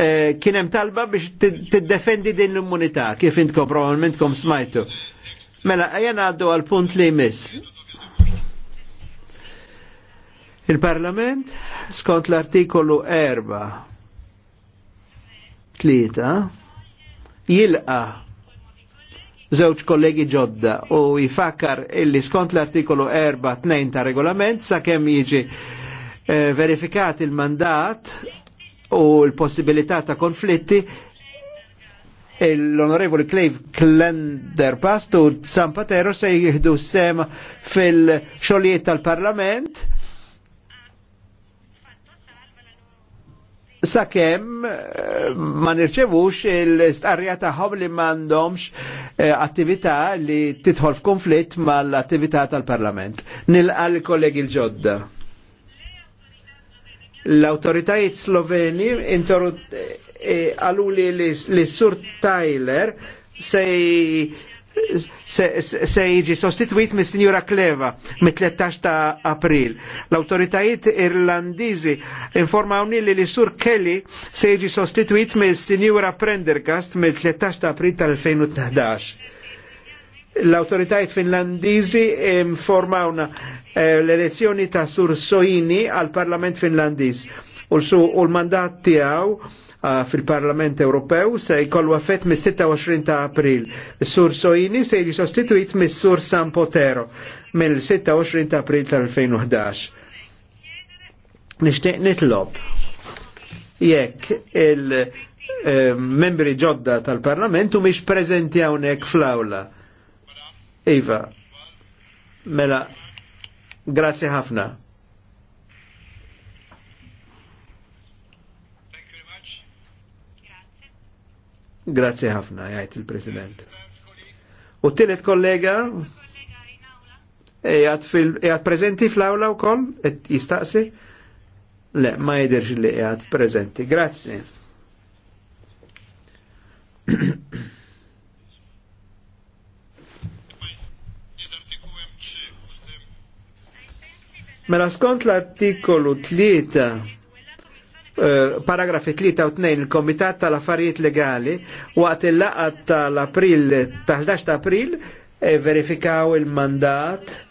Eh, kienem talba biex tiddefendi din l-immunità, kif intkom probabilment kom smajtu. Mela, għajan għaddu għal punt li jmiss. Il-Parlament, skont l-artikolu 4, tlieta, jilqa żewġ kollegi ġodda u jifakkar illi skont l-artikolu 4-2 ta' regolament sa' jiġi eh, verifikat il-mandat u l-possibilità ta' konflitti l-onorevoli Clave Klenderpast u San Patero se jihdu sem fil-xoliet tal-parlament sakemm eh, ma nirċevux il-starja tagħhom li m'għandhomx eh, attività li tidħol f'konflitt mal-attività tal-Parlament. Nil għal kollegi l-ġodda. L-autoritajiet sloveni e, għalu e, li sur Tyler se jiġi sostituit mis sinjura Kleva mit-13 ta' april. L-autoritajiet irlandizi informawni li li sur Kelly se jiġi sostituit mis sinjura Prendergast mit-13 ta' april tal-2011. L-autoritajiet finlandizi informawna eh, l-elezzjoni ta' Sur Sojini għal-Parlament Finlandiz u l-mandat tiegħu eh, fil-Parlament Ewropew se jkollu għafet mis-26 ta' April. Sur Sojini se jiġi sostituit mis-Sur San Potero mill-26 ta' April tal-2011. Nishtiq nitlob jekk il-membri eh, ġodda tal-Parlament u miex prezenti hawnhekk fl-awla Iva, mela, grazie ħafna. Grazie ħafna, jajt il-President. U t-tillet kollega, jgħat prezenti fl-awla u koll, jistaqsi? Le, ma jidirx li jgħat prezenti. Grazie. Mela skont l-artikolu 3 eh, paragrafi 3 u 2 il-Komitat tal-Affarijiet Legali waqt il-laqa tal-April tal-11 ta' April eh, verifikaw il-mandat